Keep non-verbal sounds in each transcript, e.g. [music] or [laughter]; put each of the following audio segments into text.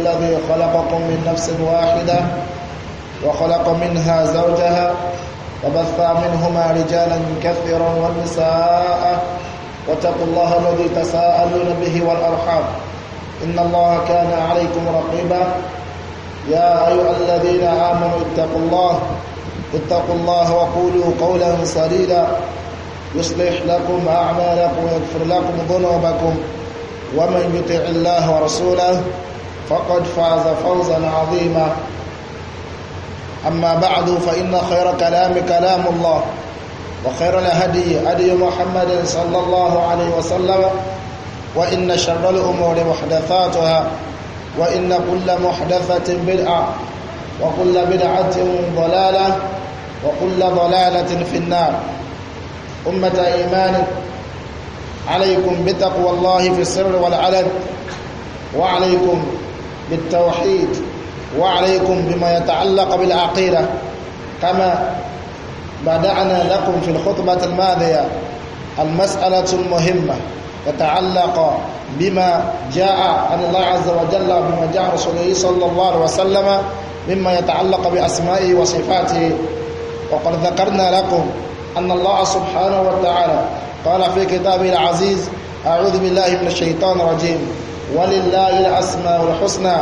الذي خلقكم من نفس واحدة وخلق منها زوجها وبث منهما رجالا كثيرا والنساء واتقوا الله الذي تساءلون به والأرحام إن الله كان عليكم رقيبا يا أيها الذين آمنوا اتقوا الله اتقوا الله وقولوا قولا سديدا يصلح لكم أعمالكم ويغفر لكم ذنوبكم ومن يطع الله ورسوله فقد فاز فوزا عظيما أما بعد فإن خير كلام كلام الله وخير الهدي هدي محمد صلى الله عليه وسلم وإن شر الأمور محدثاتها وإن كل محدثة بدعة وكل بدعة ضلالة وكل ضلالة في النار أمة إيمان عليكم بتقوى الله في السر والعلن وعليكم بالتوحيد وعليكم بما يتعلق بالعقيدة كما بدأنا لكم في الخطبة الماضية المسألة المهمة تتعلق بما جاء عن الله عز وجل بما جاء رسوله صلى الله عليه وسلم مما يتعلق بأسمائه وصفاته وقد ذكرنا لكم أن الله سبحانه وتعالى قال في كتابه العزيز أعوذ بالله من الشيطان الرجيم ولله الأسماء الحسنى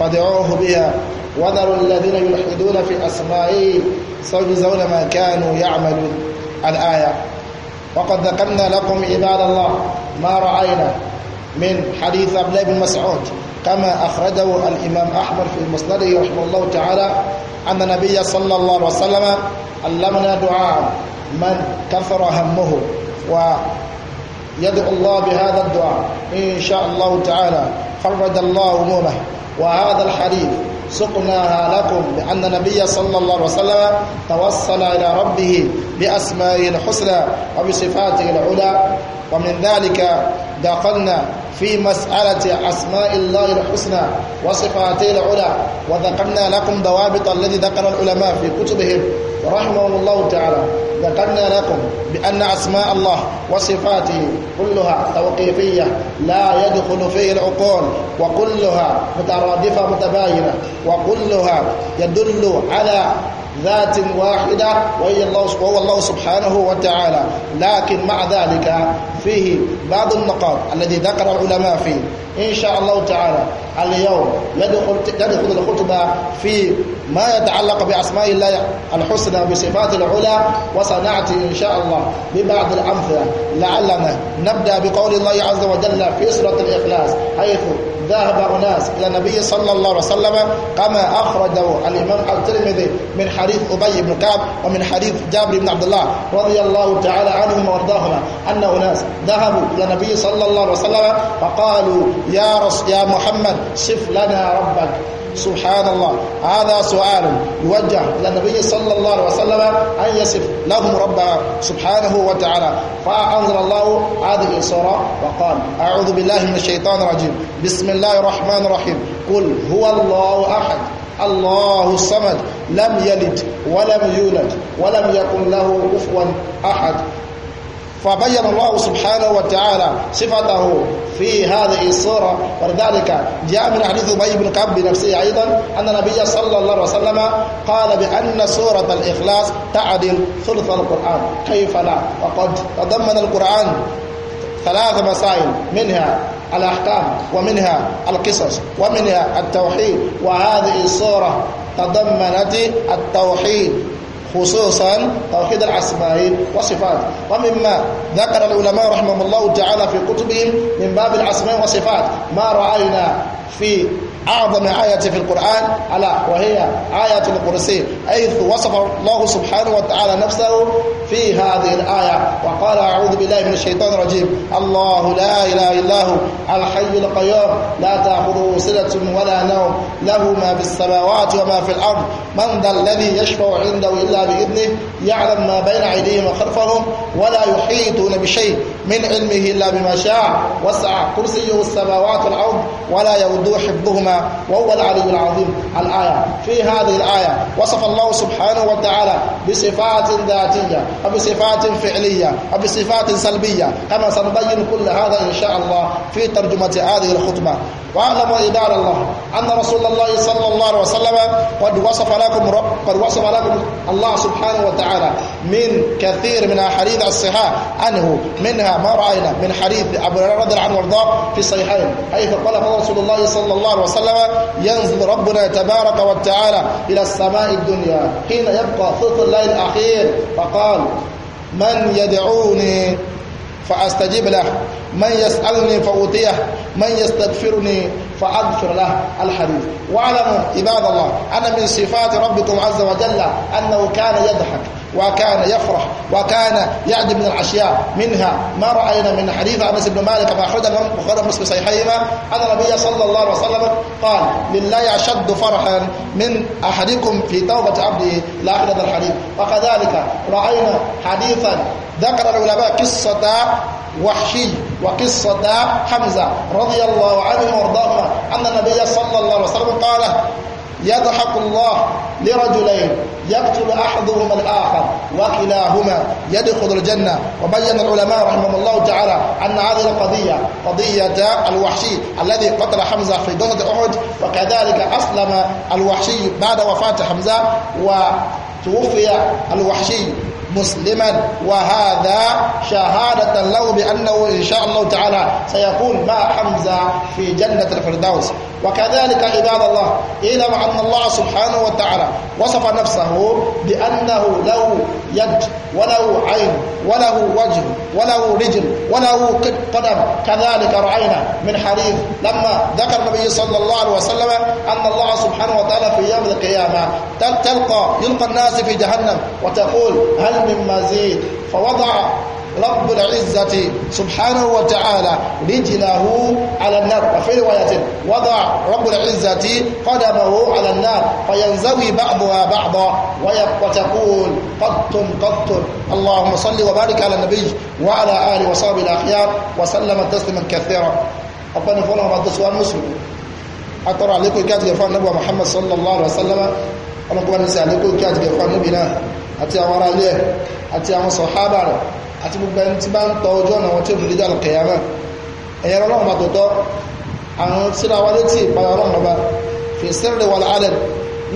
فادعوه بها وذروا الذين يلحدون في أسمائه سيجزون ما كانوا يعملون الآية وقد ذكرنا لكم عباد الله ما رأينا من حديث ابن ابن مسعود كما أخرجه الإمام أحمد في مسنده رحمه الله تعالى أن النبي صلى الله عليه وسلم علمنا دعاء من كثر همه و يدعو الله بهذا الدعاء إن شاء الله تعالى فرد الله أمومه وهذا الحديث سقناها لكم لأن النبي صلى الله عليه وسلم توصل إلى ربه بأسمائه الحسنى وبصفاته العلى ومن ذلك دخلنا في مسألة أسماء الله الحسنى وصفاته العلى وذكرنا لكم ضوابط الذي ذكر العلماء في كتبهم رحمهم الله تعالى ذكرنا لكم بأن أسماء الله وصفاته كلها توقيفية لا يدخل فيه العقول وكلها مترادفة متباينة وكلها يدل على ذات واحدة وهي الله وهو الله سبحانه وتعالى لكن مع ذلك فيه بعض النقاط الذي ذكر العلماء فيه إن شاء الله تعالى اليوم يدخل تدخل الخطبة في ما يتعلق بأسماء الله الحسنى بصفات العلى وسنأتي إن شاء الله ببعض الأمثلة لعلنا نبدأ بقول الله عز وجل في سورة الإخلاص حيث ذهب أناس إلى النبي صلى الله عليه وسلم كما أخرجه الإمام الترمذي من حديث أبي بن كعب ومن حديث جابر بن عبد الله رضي الله تعالى عنهما وارضاهما أن أناس ذهبوا إلى النبي صلى الله عليه وسلم فقالوا يا رس يا محمد صف لنا ربك سبحان الله هذا سؤال يوجه إلى النبي صلى الله عليه وسلم أن يصف لهم رب سبحانه وتعالى فأنزل الله هذه الصورة وقال أعوذ بالله من الشيطان الرجيم بسم الله الرحمن الرحيم قل هو الله أحد الله الصمد لم يلد ولم يولد ولم يكن له كفوا أحد فبين الله سبحانه وتعالى صفته في هذه الصورة ولذلك جاء من حديث أبي بن كعب بنفسه أيضا أن النبي صلى الله عليه وسلم قال بأن سورة الإخلاص تعدل ثلث القرآن كيف لا وقد تضمن القرآن ثلاث مسائل منها الأحكام ومنها القصص ومنها التوحيد وهذه الصورة تضمنت التوحيد خصوصا توحيد الأسماء والصفات ومما ذكر العلماء رحمهم الله تعالى في كتبهم من باب الأسماء والصفات ما رأينا في أعظم آية في القرآن ألا وهي آية القرسي حيث وصف الله سبحانه وتعالى نفسه في هذه الآية وقال أعوذ بالله من الشيطان الرجيم الله لا إله إلا هو الحي القيوم لا تأخذه سنة ولا نوم له ما في السماوات وما في الأرض من ذا الذي يشفع عنده إلا بإذنه يعلم ما بين أيديهم وخلفهم ولا يحيطون بشيء من علمه إلا بما شاء وسع كرسيه السماوات والأرض ولا يود حفظهما وهو العلي العظيم الآية في هذه الآية وصف الله سبحانه وتعالى بصفات ذاتية وبصفات فعلية وبصفات سلبية كما سنبين كل هذا إن شاء الله في ترجمة هذه الخطبة واعلم إدار الله أن رسول الله صلى الله عليه وسلم قد وصف لكم رب قد وصف لكم الله سبحانه وتعالى من كثير من أحاديث الصحاح عنه منها ما رأينا من حديث أبو هريرة رضي الله عنه وارضاه في الصحيحين حيث قال رسول الله صلى الله عليه وسلم ينزل ربنا تبارك وتعالى إلى السماء الدنيا حين يبقى ثلث الليل الأخير فقال من يدعوني فأستجيب له من يسألني فأوتيه من يستغفرني فأغفر له الحديث واعلموا عباد الله أن من صفات ربكم عز وجل أنه كان يضحك وكان يفرح وكان يعجب من الاشياء منها ما راينا من حديث انس بن مالك ما اخرج البخاري ومسلم صحيحيهما ان النبي صلى الله عليه وسلم قال لله اشد فرحا من احدكم في توبه عبده الى الحديث وكذلك راينا حديثا ذكر العلماء قصه وحشي وقصة حمزة رضي الله عنه وارضاهما أن النبي صلى الله عليه وسلم قال يضحك الله لرجلين يقتل احدهما الاخر وكلاهما يدخل الجنه وبين العلماء رحمهم الله تعالى ان هذه القضيه قضيه الوحشي الذي قتل حمزه في غزوه احد وكذلك اسلم الوحشي بعد وفاه حمزه وتوفي الوحشي مسلما وهذا شهادة له بأنه إن شاء الله تعالى سيكون مع حمزة في جنة الفردوس وكذلك عباد الله اعلم أن الله سبحانه وتعالى وصف نفسه بأنه له يد وله عين وله وجه وله رجل وله قدم كذلك رأينا من حديث لما ذكر النبي صلى الله عليه وسلم أن الله سبحانه وتعالى في يوم القيامة تلقى يلقى الناس في جهنم وتقول هل من مزيد فوضع رب العزة سبحانه وتعالى رجله على النار وفي رواية وضع رب العزة قدمه على النار فينزوي بعضها بعضا وتقول قط قط اللهم صل وبارك على النبي وعلى آله وصحبه الأخيار وسلم تسليما كثيرا ربنا فلما بدس والمسلم أترى عليكم كاتب النبي محمد صلى الله عليه وسلم ọlọ́gbọ́n ní sí كاتب kí àti àti àwọn ará ilé ẹ̀ àti àwọn sọ̀hábà rẹ̀ àti gbogbo ẹni tí bá ń tọ ojú ọ̀nà wọn tí òbí dídà lọ́kẹ̀yà náà ẹ̀yẹ ọlọ́run bá tòótọ́ àwọn síra wa létí ìpayà ọlọ́run ọba fèsì rẹ̀ wà lálẹ́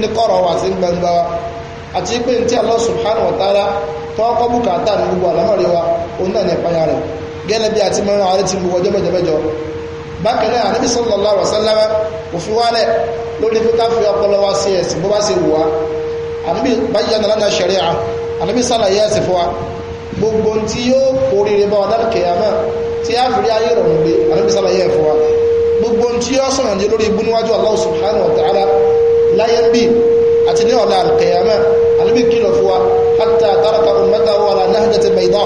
ní kọ̀rọ̀ wa àti gbangba wa àti pé ní tí Allah subhanahu wa ta'ala tọ́kọ́ bùkátà ní gbogbo àlámọ̀rí wa òun náà ní ìpayà rẹ̀ gẹ́lẹ́ bí àti mẹ́rin àrẹ ti gbogbo ọjọ́ mẹ́jọ mẹ́jọ bákan náà Ànábì sallallahu alaihi wasallam òfin wálẹ̀ lórí pé ká fi ọpọlọ wa sí ẹ̀sìn bó bá ṣe wù wá ànábì bayyana lana shari'a ànábì sàlàyé ẹ̀sìn fún wa gbogbo tí yóò kórìíre bá wa dárúkẹ̀ àmọ́ tí a fi rí ayé rọrùn gbé ànábì sàlàyé ẹ̀ fún wa gbogbo tí yóò sọ̀rọ̀ ní lórí ibú níwájú subhanahu wa ta'ala láyé ń bì àti ní ọ̀la àlùkẹ̀yàmẹ́ ànábì kìlọ̀ fún wa hatta taraka ummatahu ala nahjati bayda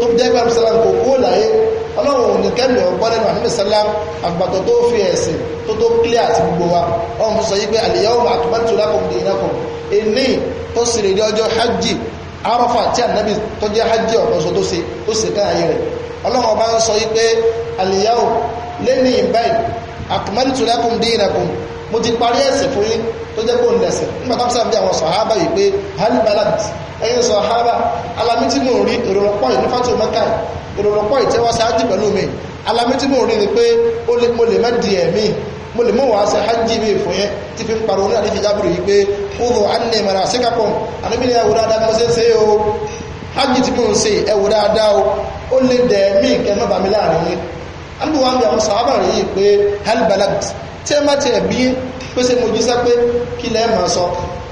tó jẹ́ pẹ́ ọlọ́run ò ní kẹ́lù ọgbọ́n lẹ́nu àníbì sálám àgbàtọ̀ tó fi ẹ̀sìn tó tó kílẹ̀ àti gbogbo wa ọmọ sọ yí pé àlìyáwó àtúbátì lákòó di iná kan èmi tó sì rèé ọjọ́ hajj arọ́fà tí ànábì tó jẹ́ hajj ọ̀pọ̀sọ tó ṣe ó tó jẹ́ kó nẹ̀sìn nígbà tó sáà àwọn sọ̀hábà yìí pé sọ̀hábà rí ìrọ̀rọ̀pọ̀ yìí ní ìrọ̀rọ̀pọ̀ yìí tẹ́wọ́ pẹ̀lú mi ni pé lè ẹ̀mí mo lè fi ń pariwo ní jábìrì yìí pé kúrò mara dáadáa mo ṣe o hajj tí mo ń ṣe ẹ̀wò dáadáa o ó lè dẹ̀ẹ́mí kẹ́ mọ́ bàmí láàrin yìí tí ẹ má ti ẹ̀ bí pé ṣe mo jíṣẹ́ pé kí lẹ́ẹ̀ máa sọ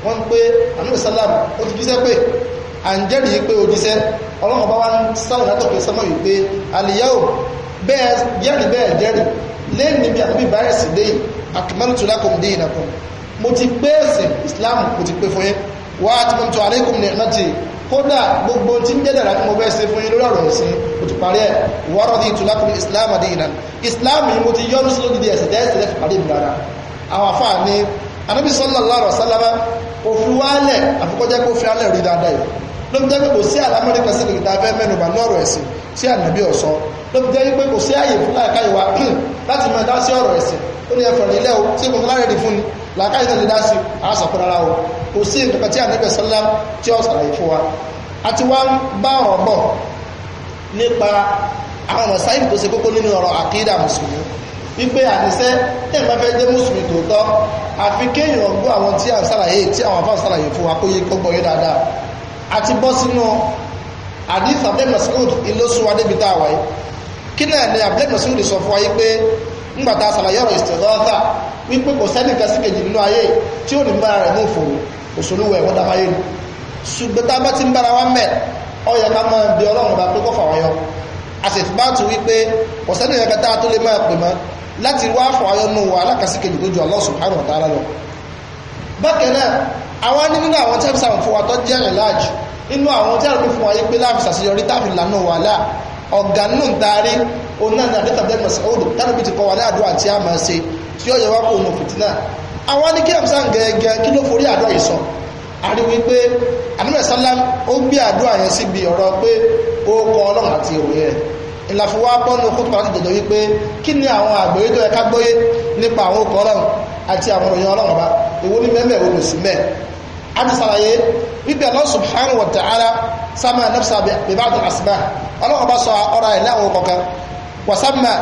wọ́n pé àánú sálàm ó ti jíṣẹ́ pé à ń jẹ́rìí pé o jíṣẹ́ ọlọ́run bá wá ń sáwọn látọ̀kẹ́ sọ́mọ́ yìí pé àlìyáwó bẹ́ẹ̀ jẹ́rìí bẹ́ẹ̀ jẹ́rìí lẹ́yìn níbi àbí báyẹ̀ sí dé àkìmọ́lùtù lákòm dé ìnàkùn mo ti pé ẹ̀sìn Islam mo ti pé fún yín wá àtúntò àlékùn ní ẹ̀ kódà gbogbo tí ń jẹ́ dàrá mo fẹ́ ṣe fún yín lórí ọ̀rọ̀ ẹ̀sìn mo parí ẹ̀ di ìtura islam àdé ìran islam yìí mo ti yọ́nu sí lódìdí ẹ̀sìn tẹ́sí lẹ́fì parí àwọn afá ni anábì sallallahu alaihi wasallam kò fi wálẹ̀ àfikọ́jẹ́ kó fi alẹ́ rí dáadáa yìí ló fi jẹ́ pé kò sí àlámọ́rí kan sí ìgbìta fẹ́ mẹ́nubà lọ́rọ̀ ẹ̀sìn sí ànàbí ọ̀sọ́ ló jẹ́ pé kò sí fún [clears throat] láti ọ̀rọ̀ ẹ̀sìn ó ní kò sí nǹkan tí ànábì sọ́lá tí ó sàlàyé fún wa a ti wá ń bá ọ̀rọ̀ bọ̀ nípa àwọn ọ̀nà sáyìn tó ṣe kókó nínú ọ̀rọ̀ àkídà mùsùlùmí wípé àníṣẹ́ ẹ̀ fẹ́ jẹ́ mùsùlùmí tòótọ́ àfi kéèyàn gbọ́ àwọn tí a sàlàyé tí àwọn afá a ti bọ́ sínú hadith abdul tá a wáyé kí náà ni sọ fún wa yí pé ńgbàtà sàlàyé ọ̀rọ̀ tí ní òṣòlúwẹ̀ wọ́n dámáyé ni ṣùgbọ́n tá bá ti ń bára wá mẹ́ ọyẹ ká máa di ọlọ́run bá pé kọ́ fàwọn yọ a sì bá tún wípé ọ̀sẹ́ni ẹ̀ka tá a tó lè máa pè mọ́ láti wá fàwọn nù wà alákàsíkejì tó ju Allah subhanahu wa ta'ala lọ bákan náà àwọn nínú àwọn tẹ́lifí sàrùn fún wa tó jẹ́ rìn láàjù nínú àwọn tẹ́lifí fún wa yí pé láàfin sàṣeyọrí táàfin lànà wà láà ọ̀gá nù ń taari onáà ní àdẹ́tàbẹ́ mọ̀sáwòdù tánàbí ti kọ́ a máa tí ó yẹ wá kó òun fìtínà àwọn ní kíyàm sáà gẹ́gẹ́ kí ló forí àdúrà yìí sọ àrí wípé àdúrà sálám ó gbé àdúrà yẹn síbi ọ̀rọ̀ pé ó kọ ọlọ́run àti ìròyìn rẹ̀ ìlàfíwá pọ́nù kútùpá láti dọ̀dọ̀ wípé kí ni àwọn àgbèrè tó yẹ gbóyé nípa àwọn okọ̀ ọlọ́run àti àwọn òyìn ọlọ́run bá èwo ní mẹ́mẹ́ òun sí mẹ́ a ti sàlàyé wípé Allah subhanahu wa ta'ala sámà nafsa bíbáàdùn àsìmá ọlọ́run bá sọ ọ̀rọ̀ ẹ̀ láwọn okọ̀ kan wàsámà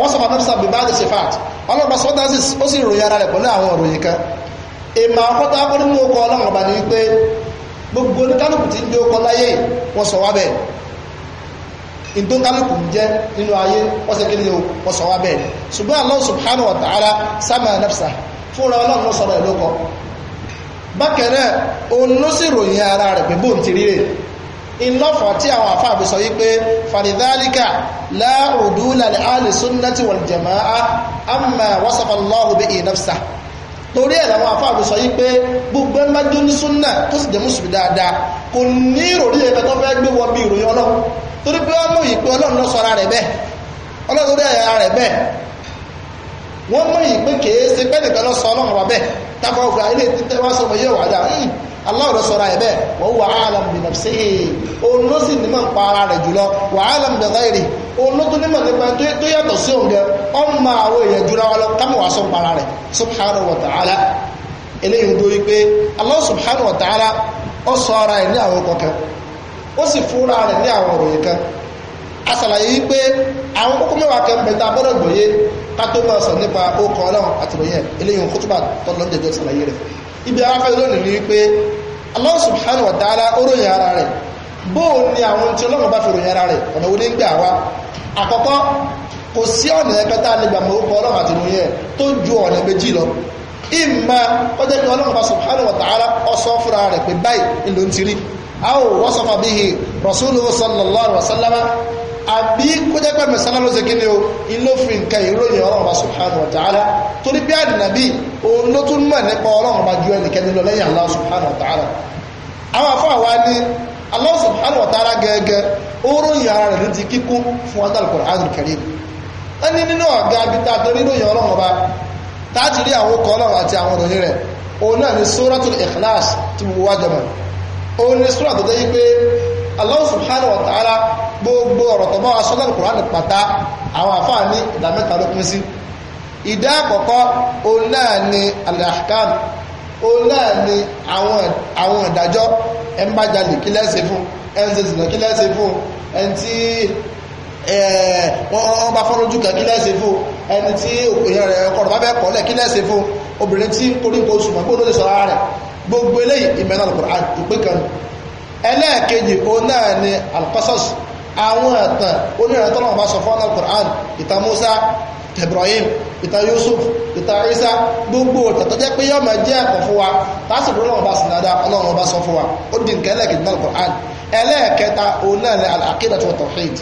wọ́n sọ̀rọ̀ nafsa bíbáàdùn sifat ọlọ́ba sọ́dásì ó sì ròyìn ara rẹ̀ pẹ̀lú àwọn òròyìn kan èèmà ọkọ́tà akọ́ni mú ọkọ̀ ọlọ́run ọba ni wípé gbogbo oníkálùkù ti ń dé ọkọ̀ láyé wọ́n sọ wá bẹ́ẹ̀ ìdó kálùkù ń jẹ́ nínú ayé wọ́n sẹ́kí ni wọ́n sọ wá ṣùgbọ́n Allah subhanahu wa ta'ala sama nafsa fúnra ọlọ́run ló sọ̀rọ̀ ẹ̀ lókọ̀ bákẹ́rẹ́ òun ló sì ròyìn ara rẹ̀ pé bóun ti rí rèé ìlọ́fà tí àwọn àfáàbí sọ wípé fàdídálíkà láàrùdú lálẹ́ alìsúnnàtí wal jama'a amma wasafa Allahu bihi nafsa torí ẹ̀ làwọn àfáàbí sọ wípé gbogbo ẹ̀ máa dún ní súnnà tó sì jẹ́ mùsùlùmí dáadáa kò ní ìròrí ẹ̀fẹ́ tó fẹ́ gbé wọ bí ìròyìn ọlọ́run torí pé wọ́n mú ìpè ọlọ́run lọ sọra rẹ̀ bẹ́ẹ̀ ọlọ́run lórí ẹ̀yà aláwọ̀ rẹ̀ sọ̀rọ̀ ẹ̀bẹ́ wọ́n wà áàlàm bí nàfṣẹ́ èè òun ló sì nímọ̀ ń pa ara rẹ̀ jùlọ wà áàlàm bí gáírì òun ló tún nímọ̀ nípa tó yàtọ̀ sí òun gẹ ọmọ àwọn èèyàn jura wa lọ kámọ̀ wá sọ̀n para rẹ̀ subhanahu wa ta'ala eléyìí ń dórí pé Allah subhanahu wa ta'ala ó sọ ara ẹ̀ ní àwọn kọ̀kẹ́ ó sì fúnra rẹ̀ ní àwọn òròyìn kan asàlàyé wípé àwọn kókó mẹ́wàá kan bẹ̀ta bọ́dọ̀ gbòye ká tó máa sọ nípa ókọ ọlọ́run àtìròyìn eléyìn kútùbà tọ́lọ́ jẹjọ sàlàyé rẹ̀ ibi afẹ́ lónìí ni wípé Allah subhanahu wa ta'ala ó ròyìn ara rẹ̀ bóò ni àwọn tí ọlọ́run bá fi ròyìn rẹ̀ ọ̀nà wo ní gbà wá àkọ́kọ́ kò sí ọ̀nà ẹ̀kẹ́ tá a lè gbà ókọ ọlọ́run àtìròyìn tó ju ọ̀nà méjì lọ ìmọ̀ ó jẹ́ pé ọlọ́run bá subhanahu wa ta'ala fúnra rẹ̀ pé báyìí ìlú ń ti rí aw wasafa bihi rasuluhu sallallahu alaihi wa àbí kó jẹ́ pẹ̀lú mẹ́sàn-án ló ṣe kí ni o ìlófin nǹkan ìròyìn ọlọ́run bá subhanahu wa ta'ala torí bí àdìnàbí òun ló tún mọ̀ nípa ọlọ́run bá ju ẹnikẹ́ni lọ lẹ́yìn Allah subhanahu wa ta'ala àwọn afọ́ àwa ní Allah subhanahu wa ta'ala gẹ́gẹ́ ó ròyìn ara rẹ̀ ní ti kíkún fún Al-Qur'an al-Karim wọ́n ní Allah subhanahu wa ta'ala gbogbo ọ̀rọ̀ tó máa sọ lẹ́nu Kùránì pàtà àwọn àfáà ní ìdá mẹ́ta ló pín sí ìdá àkọ́kọ́ òun ni al-ahkam òun ni àwọn ìdájọ́ ẹ̀ ń bá jalè kí lẹ́sẹ̀ fún ẹ̀ ń ṣe zìnà kí lẹ́sẹ̀ fún ẹ̀ ń tí wọ́n bá fọ́ lójú kan kí lẹ́sẹ̀ fún ẹni tí ẹlẹ́ẹ̀kejì òun náà ni alqasas àwọn ẹ̀tàn onírẹ̀ tọ́lọ́wọ́ bá sọ fún al-Qur'an ìtàn Musa Ibrahim ìtàn Yusuf ìtàn Isa gbogbo tàtọ́ jẹ́ pé yọ́mọ̀ jẹ́ ẹ̀kọ́ fún wa tásìkò ọlọ́wọ́ bá sì dáadáa ọlọ́wọ́ bá sọ quran ẹlẹ́ẹ̀kẹta òun náà ni al-aqidatu wa tawhid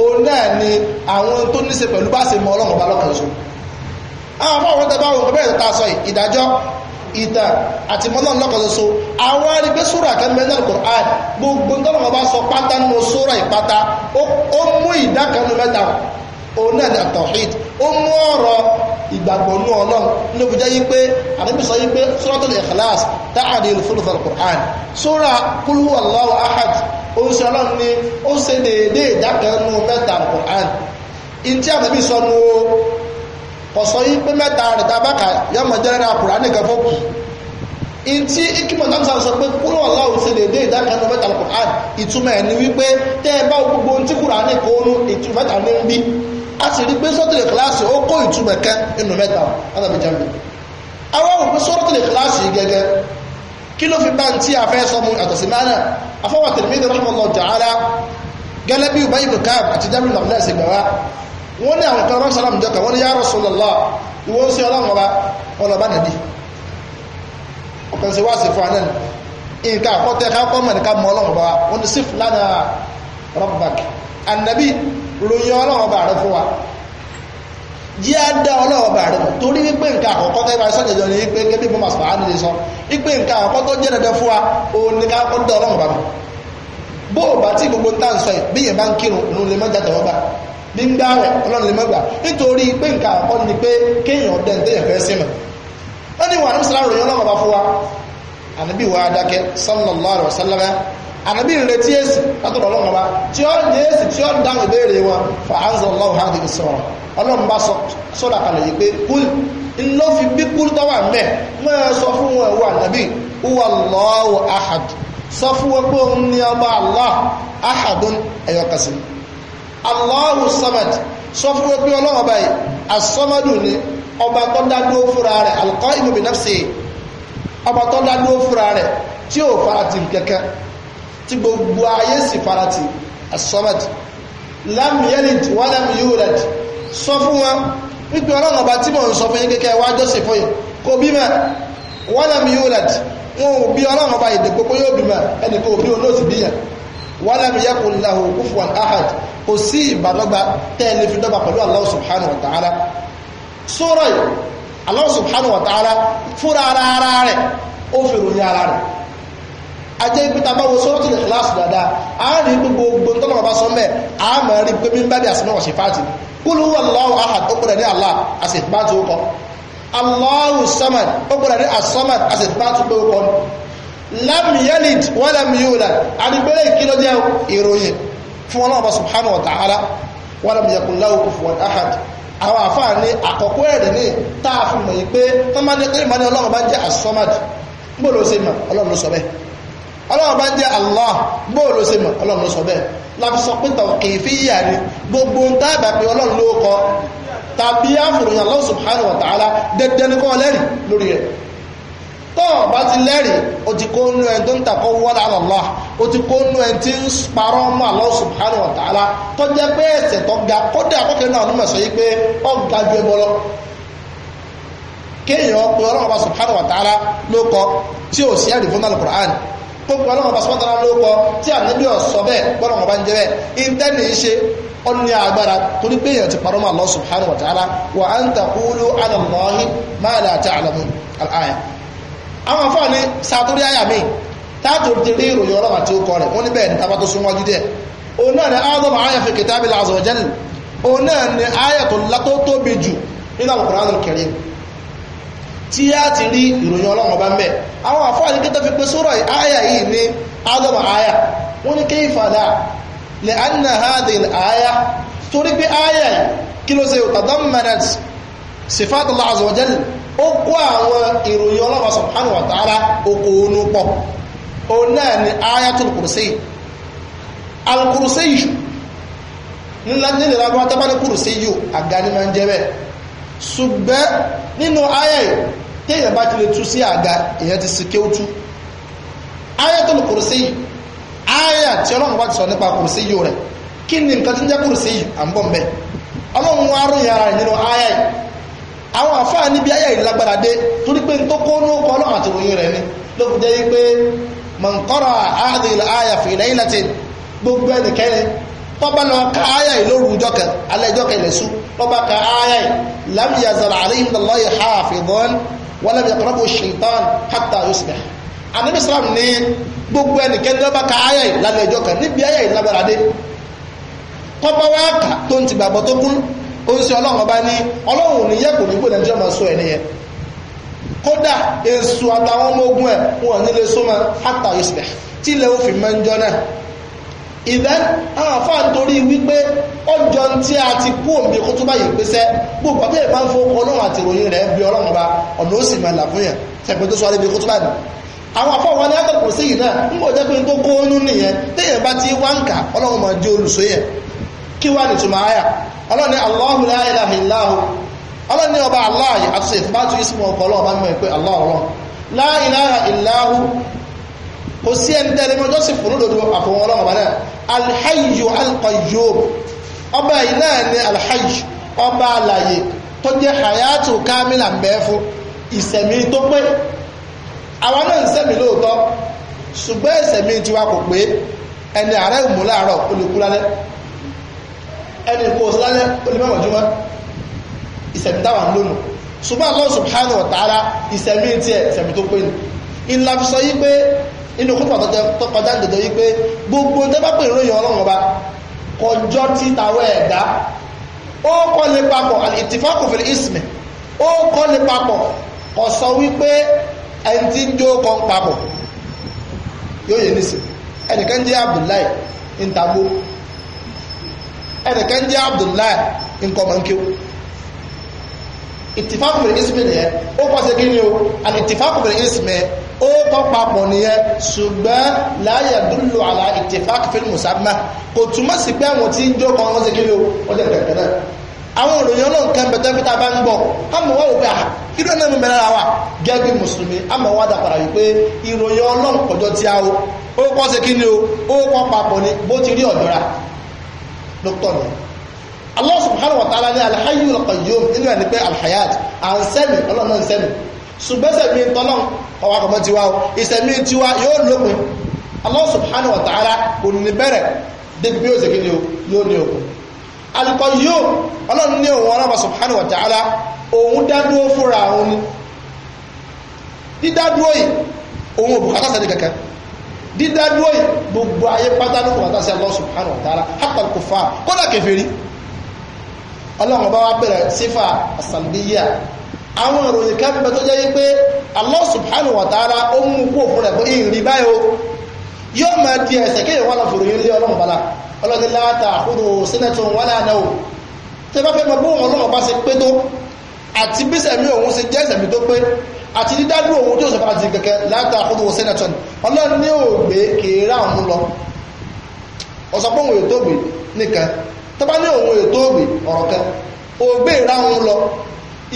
òun náà ni àwọn tó ní ṣe pẹ̀lú bá ṣe mọ ọlọ́wọ́ bá ìtàn àti mọ́nà lọ́kọ̀ọ́sọ àwọn arígbé sóra kẹ́mẹ́nà Qur'an gbogbo tọ́lọ́mọ bá sọ pátá nínú sóra ìpátá ó mú ìdá kan nínú mẹ́ta òun náà ní àtọ̀hìd ó mú ọ̀rọ̀ ìgbàgbọ́ ọlọ́run Suratul Ikhlas táàdì ìlúfúlùfà Qur'an sóra Qul huwallahu ahad ó ń ṣe ọlọ́run ní ó ń ṣe Qur'an ìtí àdébí sọ kọ̀sọ́ yí pé mẹ́ta rẹ̀ tá a bá kà yọmọ jẹ́rẹ́rẹ́ àkùrá nìkan fọ́kù ntí ikimọ̀ náà sọ pé kúrò ọ̀làwọ̀ ṣe lè dé ìdákan ní mẹ́ta lọ́kùnrin àn ìtumọ̀ ẹ̀ ni wípé tẹ́ ẹ bá gbogbo ntí kúrò àní kó nu ìtumọ̀ mẹ́ta ní bí a sì rí pé sọ́tìlẹ̀ kíláàsì ó kó ìtumọ̀ kẹ́ nínú mẹ́ta ọ̀nàbí jẹ́mi àwọn òpin sọ́tìlẹ̀ kíláàsì gẹ́gẹ́ kí ló fi bá ntí afẹ́ sọmu àtọ̀sí mánà afọwọ́ tẹ̀lé mi wọ́n ní àwọn kan rán sálàmù jọ́kà wọ́n ní yá Rasulullah ìwọ́n sí ọlọ́run ọba ọlọ́bá nàbí ọkàn sí wáṣẹ fún anáà nǹkan àkọ́tẹ́ káàkọ́ mọ̀ nìkan mọ́ ọlọ́run ọba wọ́n ní sífù lánàá rabbak ànàbí ròyìn ọlọ́run ọba rẹ fún wa yí á dá ọlọ́run ọba rẹ torí wípé nǹkan àkọ́kọ́ tẹ́ bá sọ́jọ́jọ́ ni wípé kébí mọ́ màsùlá á nílé sọ wípé nǹkan àkọ́kọ́ tó jẹ́ dandan fún wa bó o bá tí gbogbo ń tà ń sọ yìí bí yẹn bá ń kírun òun lè má jáde ọba gbígbá rẹ̀ ọlọ́run lè má gbà nítorí pé nǹkan àkọ́ ni pé kéèyàn dẹ́n téèyàn fẹ́ sí mọ̀ wọ́n ní wà ní sàlá ròyìn ọlọ́run bá fún wa ànábì wa adákẹ́ sallallahu alaihi wasallam ànábì retí èsì látọ̀dọ̀ ọlọ́run bá tí ó ní èsì tí ó ń dáhùn ìbéèrè wọn fa anzalallahu hadhihi sura ọlọ́run bá sọ̀rọ̀ kalẹ̀ yìí pé kúl iná fi bí kúl táwà mẹ́ mọ́ ẹ Allahu samad sọ fún wọn pé ọlọ́wọ́ báyìí asọ́mọdù ni ọba tó dádúró fúnra rẹ̀ alqaimu bi nafsihi ọba tó dádúró fúnra rẹ̀ tí ò farati kẹ̀kẹ́ tí gbogbo ayé sì farati asọ́mọd lam yalid wa lam yulad sọ fún wọn wípé ọlọ́wọ́ ọba tí mò ń sọ fún yín kékeré wá jọ́sìn fún yín kò bímọ wa lam yulad wọn ò bí ọlọ́wọ́ ọba ìdè gbogbo yóò bímọ ẹnì kan ò bí walam yakun lahu kufuwan ahad kò sí ìbàdọ́gba tẹ́lẹ̀ fi dọ́gba pẹ̀lú Allah subhanahu wa ta'ala sura yìí Allah subhanahu wa ta'ala fúnra ara rẹ̀ ó fi ròyìn ara rẹ̀ ajẹ́ ibi tá a bá wo suratul ikhlas dáadáa a rí gbogbo ntọ́nà bàbá sọ mẹ́ a máa rí pé mímbá bí àsìmọ́ wọ̀ṣẹ̀ fáàtì kul huwallahu ahad ó gbọ́dọ̀ ní Allah àsìfáàtì ó kọ́ Allahu samad ó gbọ́dọ̀ ní asamad àsìfáàtì ó kọ́ lámìyẹ́lìd wọ́n lámìyẹ́lá àdìgbélé ìkílọ́ jẹ́ ìròyìn fún wọn lọ́wọ́ subhanahu wa ta'ala wọ́n lámìyẹ́kùn láwọ́ kufuwan ahad àwọn àfáà ní àkọ́kọ́ ẹ̀rẹ̀ ní táà fún mọ̀ yìí pé tán bá ní pé ìmọ̀ ní ọlọ́run bá jẹ́ asọ́màdì bóòlù ó ṣe mọ̀ ọlọ́run ló sọ bẹ́ẹ̀ ọlọ́run bá jẹ́ Allah bóòlù ó ṣe mọ̀ ọlọ́run tàbí àfòròyìn Allah subhanahu wa ta'ala dẹdẹ ní kọ́ ọlẹ́rìí lórí rẹ̀ bá ti lẹ́rìí ó ti kó nú ẹni tó ń takọ́ wọ́lá àlọ́lá ó ti kó nú ẹni tí ń parọ́ mọ́ Allah subhanahu wa ta'ala tó jẹ́ pé ẹ̀ṣẹ̀ tó ga kódà kókè náà ló mẹ̀sọ́ yí pé ó ga ju ẹbọ lọ kéèyàn pé ọlọ́run ọba subhanahu wa ta'ala ló kọ tí ò sí ẹ̀rí fún náà Al-Qur'an tó subhanahu wa ta'ala ló kọ tí ànábì ọ̀sọ́ bẹ́ẹ̀ gbọ́dọ̀ ń jẹ́ bẹ́ẹ̀ ìtẹ́ni ṣe ọ̀nà agbára torí pé èèyàn ti parọ́ mọ́ Allah subhanahu wa ta'ala wa an taqulu ala Allahi ma la àwọn afọ́ ni sàtórí àyà mi táàtò ti rí ìròyìn ọlọ́run àti okọ rẹ̀ wọ́n ní bẹ́ẹ̀ ní tábà tó súnmọ́ jíjẹ́ òun náà ni áàdọ́mà àyà fi kìtàbí azza wa jalla òun náà ni àyà tó látó tóbi jù nínú Al-Qur'anul Karim tí a ti rí ìròyìn ọlọ́run ọba mẹ́ àwọn àfáàní kí tó fi pé sórọ̀ àyà yìí ní ádámù àyà wọ́n ní kayfa la li'anna hadhihi àyà torí pé àyà kí ló ṣe tadammanat sifatillah azza wa jalla ó kó àwọn ìròyìn ọlọ́wọ́ subhanahu wa ta'ala oko pọ̀ o náà ni ayatul kursi alukursi yìí nílá nílẹ̀ lágbọ́n tábà ní kursi yìí àga ni máa ń jẹ́ bẹ́ẹ̀ nínú aya téèyàn bá ti lè tú sí àga èèyàn ti sì kéwú aya ọlọ́run ti sọ nípa kursi yu rẹ̀ kí ni nǹkan tí ń jẹ́ kursi à ń bọ̀ ara nínú àwọn àfáà níbi ayé ìlágbára dé torí pé tó kó ní ọkọ̀ ọlọ́run àti ìròyìn rẹ̀ ni ló fi jẹ́ pé mọ̀nkọ́rọ̀ àádìí àyà fìlẹ̀ yìí láti gbogbo ẹnikẹ́ni tọ́ba lọ ka àyà yìí lóru ìjọ kan alẹ́ ìjọ kan ìlẹ̀sù tọ́ba ka àyà yìí lámìyà zara àlẹ́yìn lọ́lọ́ yìí ha àfihàn wọn lábẹ́ àkọ́rọ́bù ṣèǹtàn hàtà yusuf anabi sàrám ní gbogbo ẹnikẹ́ni tọ́ba ka àyà yìí lálẹ́ ìjọ kan níbi àyà yìí lágbára dé tọ́ba wá kà tó ń ti gbàgbọ́ tó kún ó ń sọ ọlọ́run ọba ní ọlọ́run ò ní yẹ kò ní gbọ́dọ̀ máa sọ kódà èso àtàwọn ọmọ ogun ẹ̀ wọn ní lè sọ́mọ hatta yusbih tí ilẹ̀ náà wípé ọjọ́ tí a ti kú òmìnir kó tó báyìí pèsè gbogbo àbí ìbá ń fowó ọlọ́run àti ìròyìn rẹ̀ bí ọlọ́run ọba ọ̀nà ó máa là fún yẹn tẹ̀pẹ́ tó sọ alẹ́ bí kó tó àwọn ti wá ń kà ọlọ́run máa di kí wá ọlọ́ni Allahu la ilaha illahu ọlọ́ni ọba aláàyè àti ṣe ìtìbátú ìsìnmọ̀ ọkọ̀ ọlọ́ọ̀bá mímọ̀ pé aláàrọ̀ la ilaha illahu kò sí ẹni tẹ́lẹ̀ mọ́jọ́ sì fún lòdò àfọwọ́n ọlọ́ọ̀bá náà alhayyu alqayyum ọba yìí náà ni alhayyu ọba alàyè tó jẹ́ hayatu kamila ń bẹ́ fún ìsẹ̀mí tó pé àwa náà ń sẹ́mi lóòótọ́ ṣùgbọ́n ìsẹ̀mí tiwa kò pé ẹni àárẹ̀ ìmúláàárọ̀ olùkúlálẹ́ ẹni kó sílálẹ́ olùmọ̀mọ̀júmọ́ ìsẹ̀mí táwà ń lónìí ṣùgbọ́n Allah subhanahu wa ta'ala ìsẹ̀mí tí ẹ̀ ìsẹ̀mí tó pé ní ìlà fi sọ yìí pé inú kúrò tó kọjá dòdò yìí pé gbogbo tó bá pè ròyìn ọlọ́run ọba kọjọ́ tí tàwọ̀ ẹ̀dá ó kọ́ lè papọ̀ al-ittifaqu fil ismi ó kọ́ lè papọ̀ kò sọ wípé ẹni tí ń jó kan papọ̀ yóò yẹ nísìn ẹnìkan jẹ́ Abdullahi ń tàgbó ẹnìkan jẹ́ abdullahi nkọ̀mọ̀ nkéwò ìtìfáàkù bẹ̀rẹ̀ ìsìmì nìyẹn ó o sí kí ni o àti ìtìfáàkù bẹ̀rẹ̀ ìsìmì o o wọ́n jẹ́ kẹ̀kẹ́ náà àwọn òròyìn ọlọ́run kan bẹ̀tẹ́ fi bá ń ah, wa mùsùlùmí wípé ìròyìn o ó kọ́ o ó kọ́ papọ̀ ni bó ti rí ọ̀dọ́ra dókítà ni Allah subhanahu wa ta'ala ní alhayyul qayyum nínú ẹni pé alhayat à ń sẹ́mi ọlọ́run ń sẹ́mi ṣùgbẹ́sẹ̀ mi tọ́lọ́ ọwọ́ àkọ́mọ́ tiwa o ìsẹ̀mí tiwa yóò lópin Allah subhanahu wa ta'ala kò ní bẹ̀rẹ̀ débi bí ó ṣe kéde o yóò ní òkun al-qayyum ní òun ọlọ́run subhanahu wa òun dádúró fúnra òun ni dídádúró yìí òun ò sẹ́ni kankan dídádúró yìí gbogbo ayé pátá ló kọ̀ọ̀tà sí Allah subhanahu wa ta'ala hatal kufar kódà kèfèrí ọlọ́run bá wá bẹ̀rẹ̀ sífà àsàlùbíyà àwọn ìròyìn kan bẹ tó jẹ́ yí pé Allah subhanahu wa ta'ala ó mú kú òfin rẹ̀ fún ìrìn báyìí o yóò máa di ẹsẹ̀ kéèyàn wà lọ fòròyìn lé ọlọ́run bala ọlọ́run láta àkúrò sínẹ́tùn wà láàánú o tẹ́ àti bísẹ̀mí òun ṣe jẹ́ ìsẹ̀mí tó pé àti dídádú òun tí ó sọ̀fà àti kẹ̀kẹ́ látà àkókò sẹ́nẹ̀tọ̀n ọlọ́run ní òògbé kèèrà òun lọ ọ̀sọ̀pọ̀ òun ètò ògbé nìkan tó bá ní òun ètò ògbé ọ̀rọ̀ kan ògbé ìrà òun lọ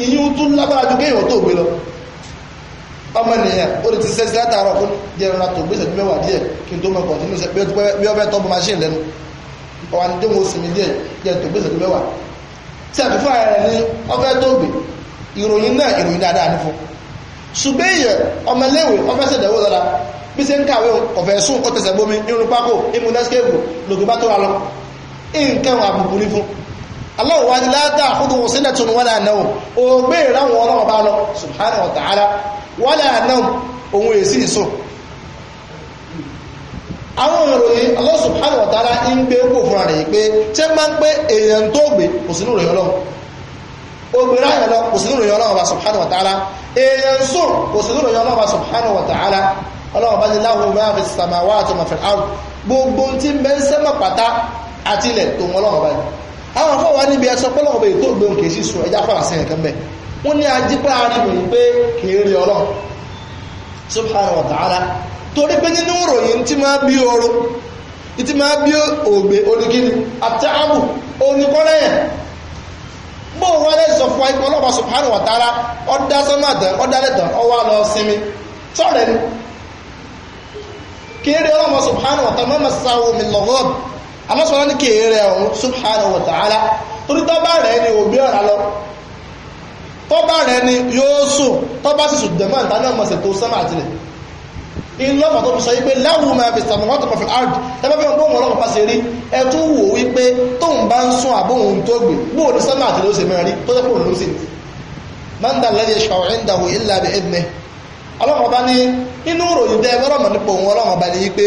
ìyún tún lágbára ju kéèyàn tó ògbé lọ ọmọ ènìyàn ó ti sẹ́sí látàárọ̀ fún jẹrọra tó gbé ìṣẹ́jú mẹ́wàá díẹ̀ kí n tó mọ̀ kọ̀tínú sẹ́ bí ó fẹ́ tọ́ bọ́ máṣíìnì lẹ́nu ọ̀wà ní dé mo sinmi díẹ̀ jẹ́ tó gbé ìṣẹ́jú mẹ́wàá sẹ́ẹ̀kú fún ara rẹ̀ ní ọfẹ́ tó ìròyìn náà ìròyìn dáadáa ní fún ṣùgbọ́n èèyàn ọmọléèwé ọfẹ́ bí ṣe ń kàwé ọ̀fẹ́ sùn ó bómi irun pákó imú nẹ́sìkéèbù lògbé bá tó wa ni láta àkókò sílẹ̀ tún wọ́n náà náà bá lọ subhanahu wa ta'ala òun àwọn ìròyìn Allah subhanahu wa ta'ala ń gbé kò fúnra rẹ̀ pé tí wọ́n máa ń pé èèyàn tó gbé kò sínú ìròyìn ọlọ́run ó gbé ráyà lọ kò sínú ìròyìn ọlọ́run ọba subhanahu wa ta'ala èèyàn sùn kò sínú ìròyìn ọlọ́run ọba subhanahu wa ta'ala ọlọ́run bá ní lahu ma fi samawati wa fil ard gbogbo tí mẹ́sẹ́ torí pé nínú ìròyìn tí máa bí oru tí máa bí ògbé oníkíni àti àmù oníkọ́rẹ́ yẹn bó wọ́n lè sọ fún ẹgbẹ́ ọlọ́pàá subhanahu wa ta'ala ọdá sọ́mà tán ọdá lẹ́tàn ọwọ́ lọ sinmi tọ́rẹ̀ ni kéré ọlọ́pàá subhanahu wa ta'ala mọ́mọ́ sáwọ́ mi lọ́wọ́ amọ́sọ̀rọ̀ ní kéré ọ̀hún subhanahu wa ta'ala torí tọ́ba rẹ̀ ni òbí ọ̀rá lọ tọ́ba rẹ̀ ni yóò sùn tọ́ba sì sùn dẹ̀mọ́ ìtàn náà mọ̀ sọ́mà ìlọ́mọ̀ tó fi sọ wípé láwùú máa fi sàmù wọ́n tó fi ard ẹgbẹ́ bí wọ́n bóun ọlọ́pàá ṣe rí ẹ tún wò wípé tóun bá ń sún àbóhun tó gbè bóun ní sánmà àti lóṣè mẹ́rin tó jẹ́ kóun lóṣè mọ́ndà lẹ́yìn ẹ̀ṣọ́ ìdáhù ilẹ̀ abẹ́ ẹ̀dínẹ́ ọlọ́pàá bá ní inú ròyìn dẹ́ ẹgbẹ́ ọmọ nípa òun ọlọ́pàá bá ní wípé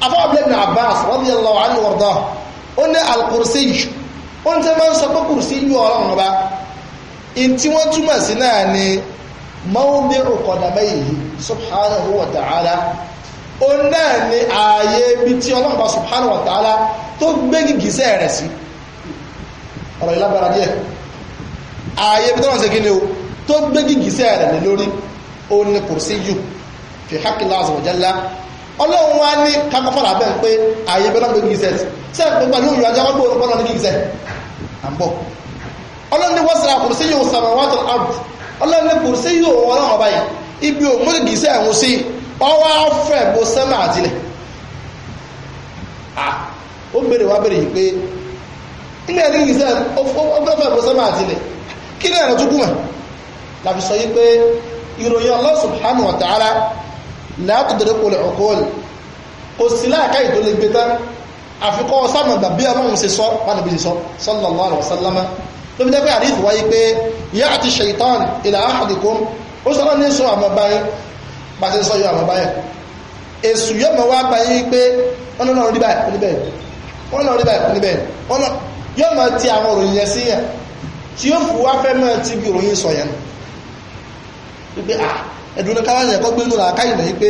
afọ́bílẹ̀ ibn abbas radiyallahu anhu warda ó ní alkùrsíjù ó ń tẹ́ máa ń sọ pé kùrsíjù ọlọ́run ọba in tí wọ́n túmọ̀ sí náà ni mawdi'u qadamayhi subhanahu wa ta'ala ó náà ni ààyè ibi tí ọlọ́run ọba subhanahu wa ta'ala tó gbé gìgísẹ̀ rẹ̀ sí ọ̀rọ̀ ìlábára díẹ̀ ààyè ibi tọ́lọ̀ sí kí ni o tó gbé gìgísẹ̀ rẹ̀ lórí ó ní kùrsíjù fi haqqi wa jalla ọlọ́run wá ní kakọ́fàlà bẹ́ẹ̀ pé ààyè bẹ́ẹ̀ lọ́gbẹ̀ẹ́ gígísẹ̀ sẹ́ẹ̀ gbogbo àlóyún ìrìnàjò ọgbọ́n ọlọ́run ní gígísẹ̀ à ń bọ̀ ọlọ́run ní kò sí yóò sàmà ọlọ́run ní kò sí yóò wọ́n náà ọba yìí ibi òun sí ọwọ́ afẹ́ bó sẹ́mà àtìlẹ̀ ó wá yìí pé ọfẹ́ bó sẹ́mà àtìlẹ̀ látòdòdó kò lè ọkọ lè kò sí láàká ìtò lè gbé tán àfikọ́ sáàmù gbà bí ọlọ́run ṣe sọ pánàbí ṣe sọ sallallahu alaihi wasallam ló fi jẹ́ pé àdífù wáyé pé yá àti shaitan ila ahadikum ó sọ náà ní sọ àmọ́ báyìí bá ṣe sọ yọ àmọ́ ẹ̀dùn ká wáyé ẹ̀kọ́ gbénú ra káyìn náà pé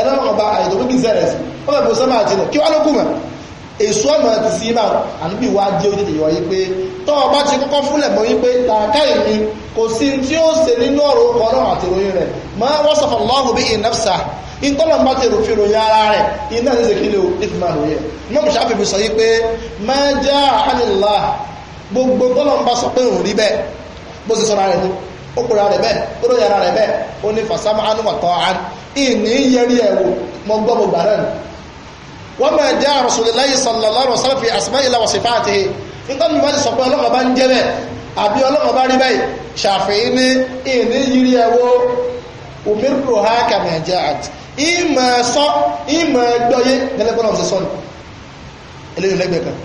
ẹlọ́run ọba àyètò pé kí sẹ́rẹ̀ sí ó bẹ̀rẹ̀ bó sẹ́mà àti ilẹ̀ kí wá ló kù èso ọ̀nà ti sí ibà àníbì wá jẹ́ ojú ìyọ̀ ọba ti kọ́kọ́ fúnlẹ̀ mọ́ yìí pé làákàyè ni kò sí tí ó ṣe nínú ọ̀rọ̀ ọkọ̀ àti ìròyìn rẹ̀ mọ́ wọ́n bí ìtọ́lọ̀ ara rẹ̀ iná ní ṣe sọ ó pera rẹ̀ bẹ́ẹ̀ ó lóye ara rẹ̀ bẹ́ẹ̀ ó ní fasama anumatọ́ an ìní yẹrí ẹ̀ wò mọ gbọ́ mo gbà náà ni. wọ́n máa jẹ́ sallallahu alaihi wasallam fi asma'ihi wa sifatihi nígbà mi bá ti sọ pé ọlọ́run bá ń jẹ́ bẹ́ẹ̀ àbí ọlọ́run bá rí bẹ́ẹ̀ Shafi'i ní ìní yírí ẹ̀ wò umiru ha kama jẹ́ àti ìmọ̀ sọ ìmọ̀ gbọ́yé gẹ́gẹ́ bọ́lá ọ̀sẹ̀ sọ́nù eléyìí lẹ́gbẹ̀ẹ́ kan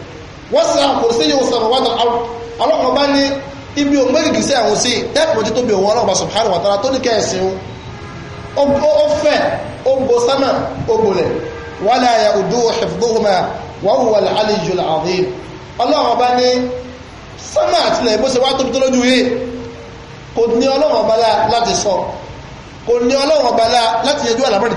wọ́n sàn yóò sọ̀rọ̀ wájú ọlọ́run bá ní ibi òun méjìkì sí àwọn sí tẹ́pù tí tóbi òun ọlọ́pàá subhanahu wa ta'ala tó ní kẹ́ẹ̀sìn ó fẹ́ ó bo sánà ó bolẹ̀ wala ya'uduhu hifdhuhuma wa huwa al-'aliyyul 'azim ọlọ́run ọba ní sánà àtìlẹ̀ bó ṣe wá tóbi tó lójú yìí kò ní ọlọ́run láti sọ kò ní ọlọ́run láti yẹjú àlàmọ́rin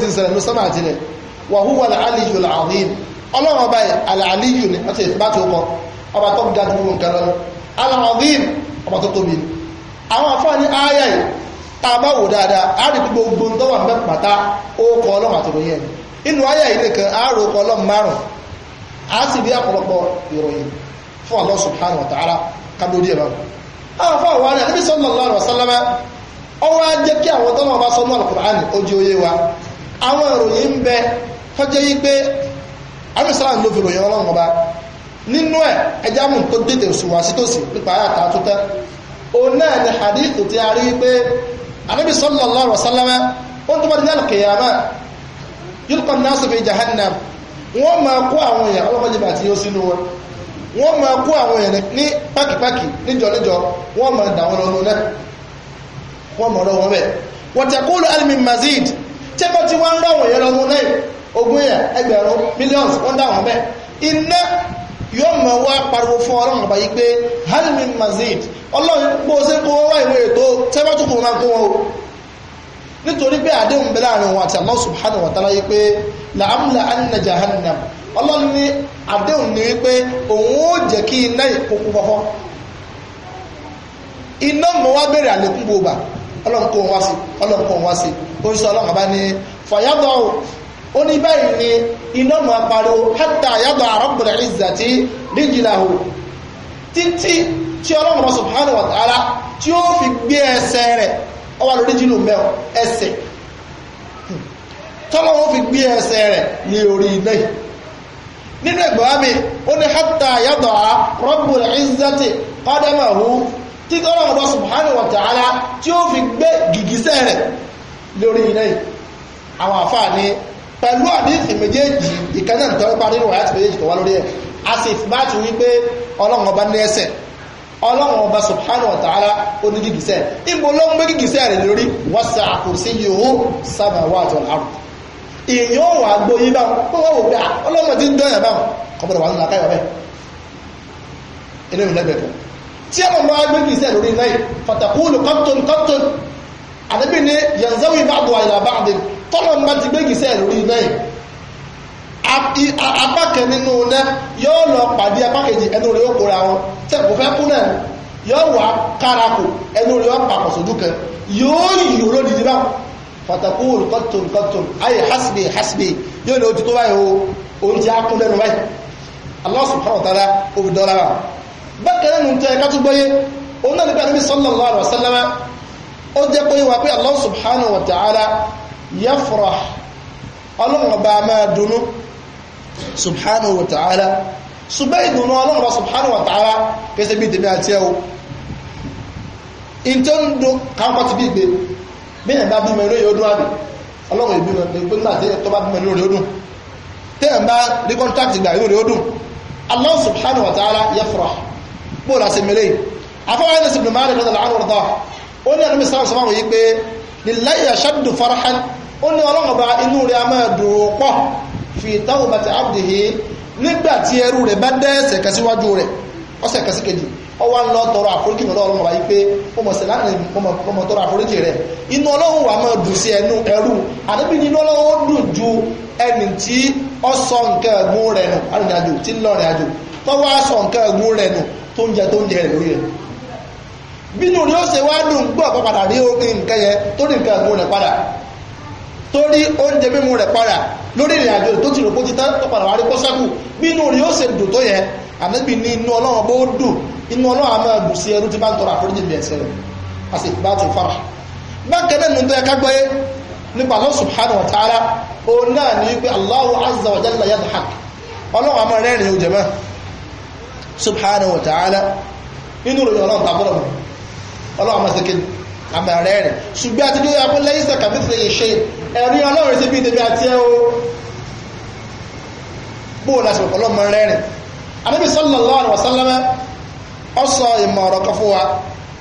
ọba tó kọ ọba tó ga ju nǹkan ọba tó tóbi àwọn àfáàní ayá yìí tá a bá wò dáadáa a rí gbogbo ń tọ́wà mẹ́ pàtá ó kọ ọlọ́run àtòròyìn ẹni inú ayá yìí nìkan a rò kọ márùn a sì rí àpọ̀lọpọ̀ ìròyìn fún Allah subhanahu wa ta'ala kábíyó díẹ̀ báwọn àwọn afọ àwọn sallallahu alaihi wasallam ọwọ́ á jẹ́ kí àwọn tọ́lọ́ Qur'an ojú oyé wa àwọn ìròyìn ń bẹ tọ́jẹ́ nínú ẹ̀ ẹjá mú tó tètè sùwà sítòsí nípa àyàtà tútẹ́ òun náà ni a rí pé sallallahu alaihi wasallam ó tó bá ní al-qiyamah nasu fi jahannam wọ́n máa kó àwọn èèyàn ọlọ́mọdé bá ti yóò sínú wọn wọ́n máa kó àwọn èèyàn ní pákipáki níjọ níjọ wọ́n máa dà wọn náà wọ́n máa rọ wọn bẹ́ẹ̀ mazid tí ń rọ àwọn èèyàn yóò mọ̀ wá pariwo fún ọlọ́run ọba yìí pé halimi mazid ọlọ́run bó ṣe kó wá ìwé ètò tẹ́fẹ́ tó kò máa kó wọn o nítorí pé àdéhùn bẹ láàrin wọn àti Allah subhanahu wa ta'ala yìí pé làámùlà anna jahannam ọlọ́run ní àdéhùn ní wípé òun ó jẹ́ kí iná ìkókó fọ́fọ́ iná mọ̀ wá bẹ̀rẹ̀ àlékún gbogbo ọlọ́run kó wọn wá sí ọlọ́run kó wọn wá sí ó ń sọ ọlọ́run ọba ní fàyàbọ̀ ó ní báyìí ni iná máa pariwo hatta yàgbà rabbul izzati rijlahu títí tí ọlọ́run subhanahu wa ta'ala tí ó fi gbé ẹsẹ̀ rẹ̀ ó wà lórí jìnnú mẹ́ọ̀ ẹsẹ̀ tọ́lọ́wọ́ fi gbé ẹsẹ̀ rẹ̀ ní orí iná yìí nínú ẹgbẹ̀wá mi ó ní hatta yàtọ̀ á rabbul izzati tí tọ́lọ́wọ́ subhanahu wa ta'ala tí ó fi gbé gìgísẹ̀ rẹ̀ lórí iná àwọn àfáà ní pẹ̀lú àdífì méjèèjì ìkẹ́nà tó ń parí wáyà tí méjèèjì tó wá lórí ẹ̀ a sì bá ti wí pé ọlọ́run ọba ní ẹsẹ̀ ọlọ́run ọba subhanahu wa ta'ala ó ní gìgísẹ̀ ibo ló ń gbé gìgísẹ̀ rẹ̀ lórí wasa kursiyuhu samawati wal ard èèyàn ò wà gbó yí báwọn pé wọ́n wò pé ah, ọlọ́run ti ń dọ́yàn báwọn ọgbọ́dọ̀ wà nínú akáyọ̀ bẹ́ẹ̀ inú mi lẹ́gbẹ̀ẹ́ àdébí ni yanzawi báàbò àyìnlá báàbò tọ́lọ̀ ń bá ti gbégisẹ́ lórí iná yìí apá kan nínú iná yóò lọ pàdé apá kejì ẹnu rẹ̀ yóò kóra wọn tẹ́ kò fẹ́ kú náà yóò wá kárakò ẹnu rẹ̀ yóò pàpọ̀ sójú kan yóò yìí olódìdí báwọn fàtàkù olùkọ́tùn kọ́tùn ayé hasbi hasbi yóò lè ojú báyìí o oúnjẹ akún lẹ́nu báyìí Allah subhanahu wa ta'ala olùdọ́lára bákan nínú tẹ́ ká tún gbọ́yé òun náà nígbà níbi sallallahu alaihi wasallam ó jẹ́ pé wà pé Allah subhanahu wa ta'ala yafrah ọlọ́run ọba máa dùnnú subhanahu wa ta'ala ṣùgbọ́n ìdùnnú ọlọ́run ọba subhanahu wa ta'ala kẹsẹ̀ bí tèmi àti ẹ̀wọ̀ ìtọ́ ń dún káńpọ̀ ti bí ìgbé bí ẹ̀ bá bí mẹ́rin yóò dún àbí ọlọ́run ìbí mẹ́rin pé nígbà bá bí mẹ́rin yóò dún ó ní àdúgbò sáà sọ fáwọn yìí pé lillahi ashaddu farahan ó ní ọlọ́run bá inú rẹ̀ a máa dùn pọ̀ fi tawbati abdihi nígbà tí ẹrú rẹ̀ bá dẹ́sẹ̀ kẹsíwájú rẹ̀ ọ̀sẹ̀ kẹsíkejì ọwọ́ ń lọ tọrọ àforíjì lọ́dọ̀ ọlọ́run bá yìí pé ó mọ̀ sí láti ọmọ tọrọ àforíjì rẹ̀ inú ọlọ́run wà máa dùn sí ẹnu ẹrú àdébí inú ọlọ́run ó dùn bínú ni ó ṣe wá dùn gbọ́ ọ̀pọ̀ padà rí nǹkan yẹn tó ní nǹkan ẹ̀gbọ́n rẹ̀ padà torí oúnjẹ mímu rẹ̀ padà lórí ìrìn àjò tó ti rò kó ti tán tó padà wá rí kó sẹ́kù bínú ni ó ṣe dùn tó yẹ ànábì ní inú ọlọ́run bó dùn inú ọlọ́run àmọ́ ẹ̀gùn sí ẹrú tí bá ń tọrọ àforíjì bí ẹ̀ṣẹ̀ rẹ̀ a sì bá ti fara bákan náà nínú tó yẹ ká gbọ́ nípa Allah subhanahu wa ta'ala òun náà ní wípé Allahu azza wa jalla yadhhak ọlọ́run àmọ́ rẹ́rìn-ín ojẹ̀mọ́ subhanahu wa ta'ala inú ròyìn ọlọ́run tàbọ̀rọ̀ mọ́ ọlọ́run máa ṣe kéde àmàrẹ́ rẹ̀ ṣùgbọ́n àti lórí abúlé ìṣẹ̀ kàmíṣe yìí ṣe ẹ̀rí ọlọ́run ṣe bí tèmi àti ẹ o bó o la ṣe ọlọ́run máa rẹ́rìn anábì sallallahu alaihi wasallam ọ̀sọ̀ ìmọ̀ ọ̀rọ̀ kan fún wa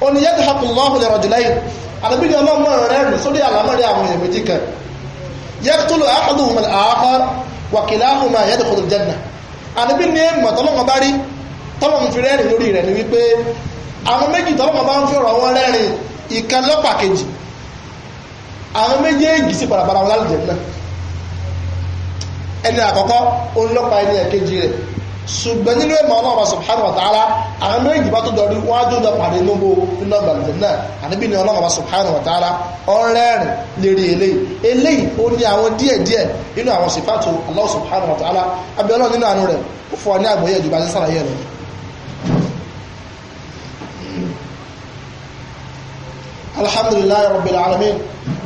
ó ní yadhaku Allahu li rajulayn anábì ni ọlọ́run rẹ́rìn sórí àlámọ́rí àwọn èèyàn méjì kan yaqtulu ahaduhuma al-akhar wa kilahuma yadkhulu al-jannah anábì ni mọ̀tọ́lọ́mọ bá rí tọ́lọ́mọ fi rẹ́rìn lórí rẹ̀ ni wípé àwọn méjì tọ́lọ́mọ bá ń fi ọ̀rọ̀ wọn lẹ́rìn ìkan lọ́pàá kejì àwọn méjèèjì sì padà bára wọn lálẹ́ jẹ̀mínà ẹni àkọ́kọ́ olọ́pàá ẹni ẹ̀kejì rẹ̀ ṣùgbọ́n nínú ẹ̀mọ́ ọlọ́ọ̀bà subhanahu wa ta'ala àwọn méjì bá tó dọ̀rí wọ́n á dúdọ̀ pàdé lóbo nínú ọgbàlùfẹ́ náà àníbí ni ọlọ́ọ̀bà subhanahu wa ta'ala ọ̀rẹ́rìn lérí eléyìí eléyìí ó ní àwọn díẹ̀ díẹ̀ nínú àwọn sìfàtò Allah subhanahu wa ta'ala abẹ́ọ́lọ́ nínú àánú rẹ̀ ó fọ ní àgbọ́yé ìjọba sísàlàyé rẹ̀ الحمد لله رب العالمين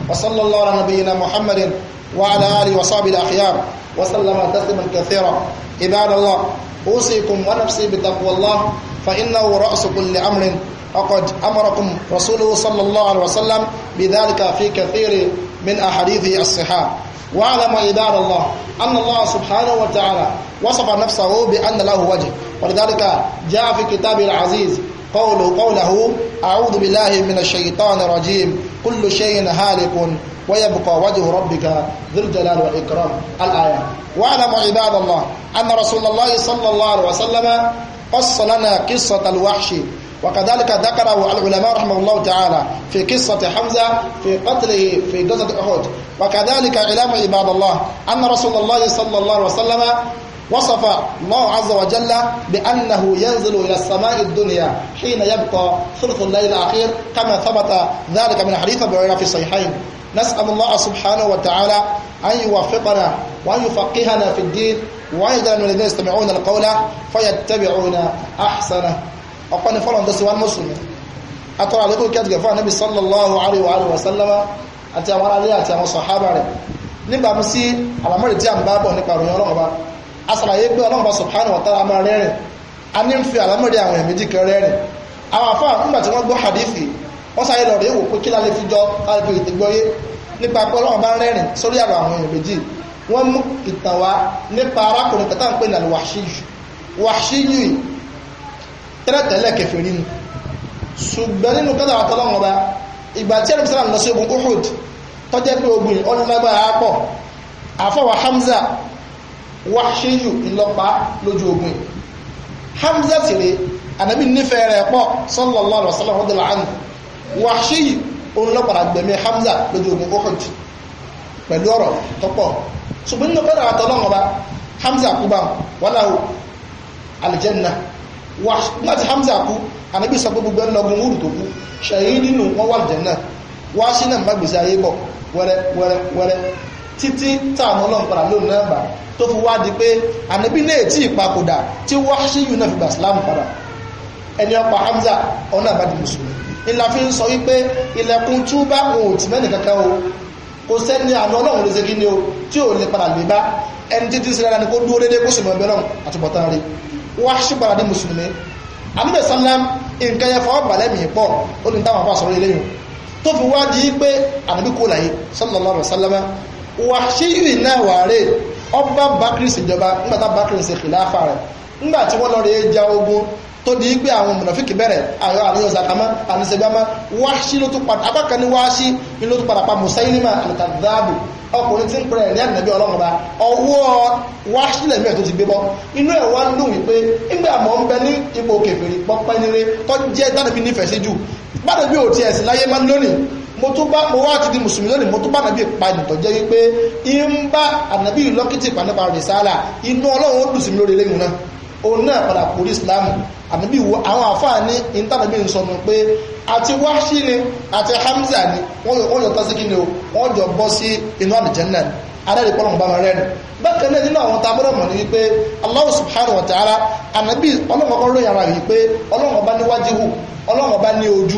وصلى الله على نبينا محمد وعلى آله وصحبه الأخيار وسلم تسليما كثيرا عباد الله أوصيكم ونفسي بتقوى الله فإنه رأس كل أمر وقد أمركم رسوله صلى الله عليه وسلم بذلك في كثير من أحاديث الصحاح واعلم عباد الله أن الله سبحانه وتعالى وصف نفسه بأن له وجه ولذلك جاء في كتابه العزيز قوله قوله أعوذ بالله من الشيطان الرجيم كل شيء هالك ويبقى وجه ربك ذو الجلال والإكرام الآية وعلم عباد الله أن رسول الله صلى الله عليه وسلم قص لنا قصة الوحش وكذلك ذكره العلماء رحمه الله تعالى في قصة حمزة في قتله في غزوة أحد وكذلك علم عباد الله أن رسول الله صلى الله عليه وسلم وصف الله عز وجل بأنه ينزل إلى السماء الدنيا حين يبقى ثلث الليل الأخير كما ثبت ذلك من حديث أبي في الصحيحين نسأل الله سبحانه وتعالى أن يوفقنا وأن يفقهنا في الدين وأن يجعلنا من الذين يستمعون القول فيتبعون أحسنه أقول فلان ده سوى المسلم أترى عليكم كاتب النبي صلى الله عليه وآله وسلم أتى عليه أتى صحابه níbàámu sí àlámọ́rì tí a ń bá bọ̀ nípa asàlàyé pé ọlọ́run subhanahu wa ta'ala máa rẹ́rìn a ní ń fi àlámọ̀rí àwọn èèyàn méjì kan rẹ́rìn àwọn àfáà nígbà tí wọ́n gbọ́ hadithi wọ́n sáré lọ rí wò pé kí lálẹ́ fi jọ láti fi gbọ́yé nípa pé ọlọ́run bá ń rẹ́rìn sórí àwọn àwọn èèyàn méjì wọ́n mú ìtàn wá nípa arákùnrin kẹta ń pè ní alwàṣíyù wàṣíyù tẹ́lẹ̀tẹ́lẹ̀ kẹfẹ́ nínú ṣùgbọ́n nínú kẹta àtọ́lọ́run wáṣíyù ńlọpa lójú ogun hamza tìrẹ anabi nífẹ̀ẹ́ rẹ̀ pọ̀ sallallahu alaihi wasallam ọdún láàánú wáṣíyù ńlọpàá gbẹ̀mí hamza lójú ogun Uhud pẹ̀lú ọ̀rọ̀ tọ́pọ̀ ṣùgbọ́n nínú kọ́dà àtọ́lọ́wọ́ bá hamza kú bá wọn láwọ alìjẹ́nà wọ́n ti hamza kú anabi sọ gbogbo ẹnlọgún wúrù tó kú ṣẹ̀yìn nínú wọn wà alìjẹ́nà wáṣí náà má gbèsè ayé bọ̀ wẹ́rẹ́ wẹ́rẹ́ wẹ́rẹ́ títí táwọn ọlọ́run padà lónìí náà bà tó fi wá di pé ànábì náà tí ìpapòdà tí wáṣíyù náà fi gbà sílámù padà ẹni ọpa Hamza ọ̀nà àbájú mùsùlùmí ńlá fi ń sọ wípé ilẹ̀kùn túbá òun ò tì kankan o kò sẹ́ni àánú ọlọ́run lè ṣe kí ni o tí ò lè padà lè bá ẹni títí sí rárá ni kó dúró déédéé kó sì mọ̀ ẹgbẹ́ náà àtúbọ̀tán rí wáṣí padà dé mùsùlùmí àmì sálám nǹkan yẹn fọwọ́ balẹ̀ mi pọ̀ ó ní táwọn afá sọ̀rọ̀ eléyìí tó fi wá di pé ànábì kó láyé sallallahu wàṣíyù náà wà rè ọba bakri ṣèjọba nígbàtà bakri ṣe kìláfà rẹ nígbà tí wọ́n lọ ogun tó di pé àwọn mùnàfíkì bẹ̀rẹ̀ àwọn àníyàn zakamá àníṣẹ́gbámá ló tún padà abákan ní ni ló tún padà pa musailima àtàdáàbò ọkùnrin tí ń ní bá tó ti gbé inú ń dùn wípé ń bẹ ní ipò nílé mo tó bá mo wá ti di mùsùlùmí lónìí mo tó bá nàbí ìpàdé tó jẹ́ wípé ń bá ànàbí lọ́kìtì ìpàdébà rìsálà inú ọlọ́run ó dùn sí mi lórí eléyìí náà òun náà padà kórí ìsìláàmù ànàbí wo àwọn àfáà ní ń sọnù pé àti wáṣí ni àti hamza ni wọ́n yọ tọ́sí kí ni o wọ́n jọ bọ́ sí inú àlùjánnà ni adáyé kọ́ lọ́mọ bá wọn rẹ́nu bákan náà nínú àwọn tábọ́dọ̀ mọ̀ ní wípé Allah subhanahu wa ta'ala ànàbí ọlọ́mọ kan lóyún ara yìí pé ọlọ́mọ bá ní wájú hù ọlọ́mọ ní ojú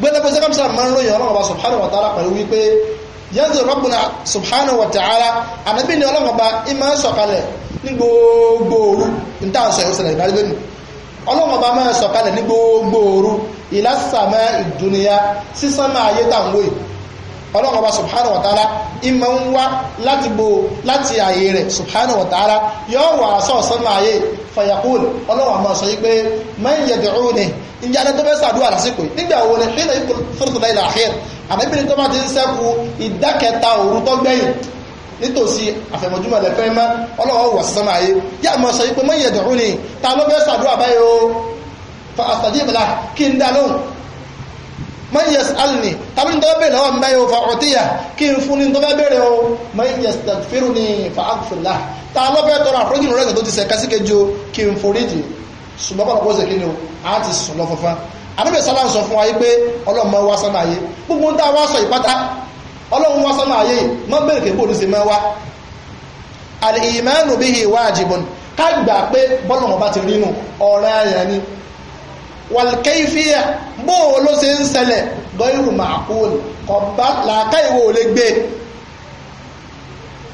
gbẹ́dẹ́gbẹ́ sẹ́kàmísà máa ń ròyìn ọlọ́run ọba subhanahu wa ta'ala pẹ̀lú wípé yanzu rabbuna subhanahu wa ta'ala ànábì ni ọlọ́run ọba ìmọ̀ ń sọ̀kalẹ̀ ní gbogbo níta sọ ẹ̀ sẹlẹ̀ ìbálẹ̀ lónìí ọlọ́run máa ń sọ̀kalẹ̀ ní ìlàsàmẹ́ ìdúnìyà sísánmà ayé ọlọ́run ọba subhanahu wa ta'ala ìmọ̀ ń wá láti bo láti ààyè rẹ̀ subhanahu wa ta'ala yóò wà sọ̀sán láàyè fayakul ọlọ́run àmọ́ sọ yí pé man yad'uni ìjà ni tó fẹ́ sàdúrà lásìkò yìí nígbà wo ni nínú ikú fúrúfúrú ilẹ̀ àhír àbẹ́bìnrin tó bá ti ń sẹ́kù ìdákẹta òru tó gbẹ̀yìn nítòsí àfẹ̀mọ̀júmọ̀ lẹ́fẹ́ mọ́ ọlọ́wọ́ wà sánmà ayé yá mọ́ sọ yí pé man yad'uni ta ló fẹ́ sàdúrà báyìí o fa àtàdé ìbìlà kí n dá lóhùn man yas'alni tàbí ní tọ́wọ́ bèèrè lọ́wọ́ mi báyìí o fa utiya kí n fún ní tọ́wọ́ bèèrè o man yastaghfiruni fa aghfir lah ta ló fẹ́ tọrọ àforíjì lọ́rẹ́ tó ti sẹ̀ kásíkejì o kí n foríjì ṣùgbọ́n kọ́nà kó ṣe kí ni o a ti sùn lọ fọfá àbẹ̀bẹ̀ sálà ń sọ fún wa yìí pé ọlọ́mọ wa sánà ayé gbogbo ń wa sọ ìpátá ọlọ́run wa sánà ayé yìí mọ́ bèèrè kí bóòdù sí máa al-imanu bihi wajibun ká gbà pé bọ́lọ̀mọ̀ bá ti rí nù ọ̀rẹ́ ni wàlkẹ́fíà bó o ló ṣe ń ṣẹlẹ̀ gọ́ìrù màkúl kọ̀bá làákà ìwò ò lè gbé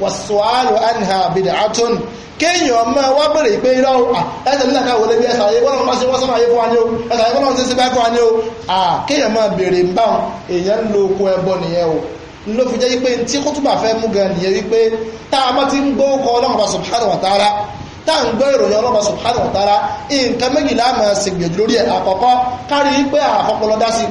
wàsùwàlù anha bid'atun kéèyàn ọmọ wa bèrè pé irọ́ ẹsẹ̀ nínú àkàwọ̀ lẹ́bí ẹsẹ̀ ayé wọ́n máa ṣe wọ́n sọ́mọ ayé fún wa ní o ẹsẹ̀ ayé wọ́n máa ṣe sí báyìí fún wa ní o kéèyàn máa bèrè ń bá wọn èèyàn ń lo oko ẹbọ nìyẹn o ló fi jẹ́ wípé tí kútùbà fẹ́ mú gan nìyẹn wípé tá a má ti ń gbó kọ́ ọlọ́run subhanahu wa ta'ala tá à ń gbọ́ ìròyìn ọlọ́mọ subhanahu wa ta'ala nǹkan méjìlá máa ṣègbìyànjú lórí ẹ̀ àkọ́kọ́ kárí pé àfọpọlọ dá sí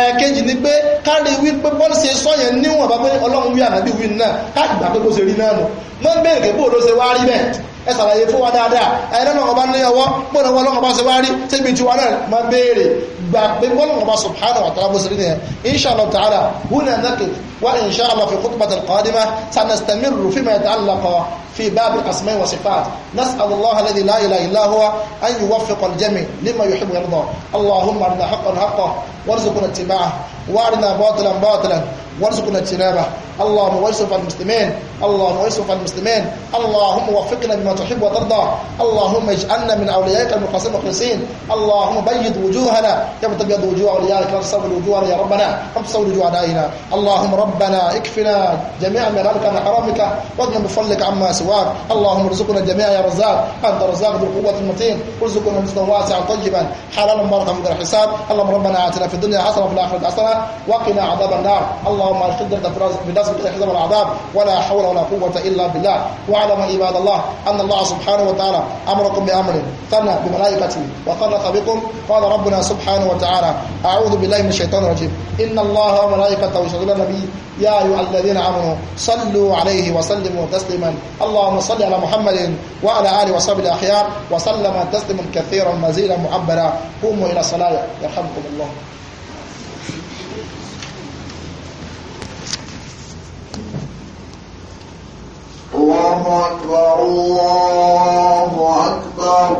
ẹ̀ẹ̀kejì ni pé kárí wípé bọ́ọ̀lù ṣe sọ yẹn níwọ̀n bá pé ọlọ́run wí ànábì wí náà káàkiri gbà pé kó ṣe rí náà nù mọ́ ń bèèrè pé bóòdó ṣe wá rí bẹ́ẹ̀ ẹ ṣàlàyé fún wa dáadáa ẹ̀rọ náà ọba ní ọwọ́ bóòdó ọwọ́ ọlọ́run ọba ṣe wá rí tẹ́gbìtì wa náà máa béèrè gbàgbé mọ́lùmọ́ سبحانه وتعالى wa إن شاء الله تعالى هنا نقف وإن شاء الله في inshallah القادمة سنستمر فيما يتعلق في باب الأسماء والصفات نسأل الله الذي لا إله إلا هو أن يوفق الجميع لما يحب ويرضى اللهم أرنا حقا حقا وارزقنا اتباعه وأرنا باطلا باطلا وارزقنا اجتنابه اللهم ويسرف المسلمين اللهم ويسرف المسلمين اللهم وفقنا بما تحب وترضى اللهم اجعلنا من أوليائك المخلصين المخلصين اللهم بيض وجوهنا يوم تبيض وجوه اوليائك تصور وجوهنا يا ربنا تصور وجوه اعدائنا اللهم ربنا اكفنا جميعا من غيرك عن حرامك واغنى بفضلك عما سواك اللهم ارزقنا جميعا يا رزاق انت رزاق ذو القوه المتين ارزقنا رزقا واسعا طيبا حلالا مباركا من الحساب اللهم ربنا اتنا في الدنيا حسنه وفي الاخره حسنه وقنا عذاب النار اللهم ارشدنا في ناس حزب العذاب ولا حول ولا قوه الا بالله واعلم عباد الله ان الله سبحانه وتعالى امركم بامر ثنى بملائكته وقرق بكم قال ربنا سبحانه سبحانه وتعالى أعوذ بالله من الشيطان الرجيم إن الله وملائكته يصلون على النبي يا أيها الذين آمنوا صلوا عليه وسلموا تسليما اللهم صل على محمد وعلى آله وصحبه الأخيار وسلم تسليما كثيرا مزيدا معبرا قوموا إلى الصلاة يرحمكم الله الله أكبر الله أكبر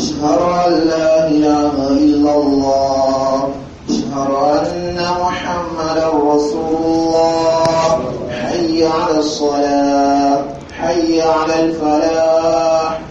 أشهر أن لا إله إلا الله أشهر أن محمدا رسول الله حي على الصلاة حي على الفلاح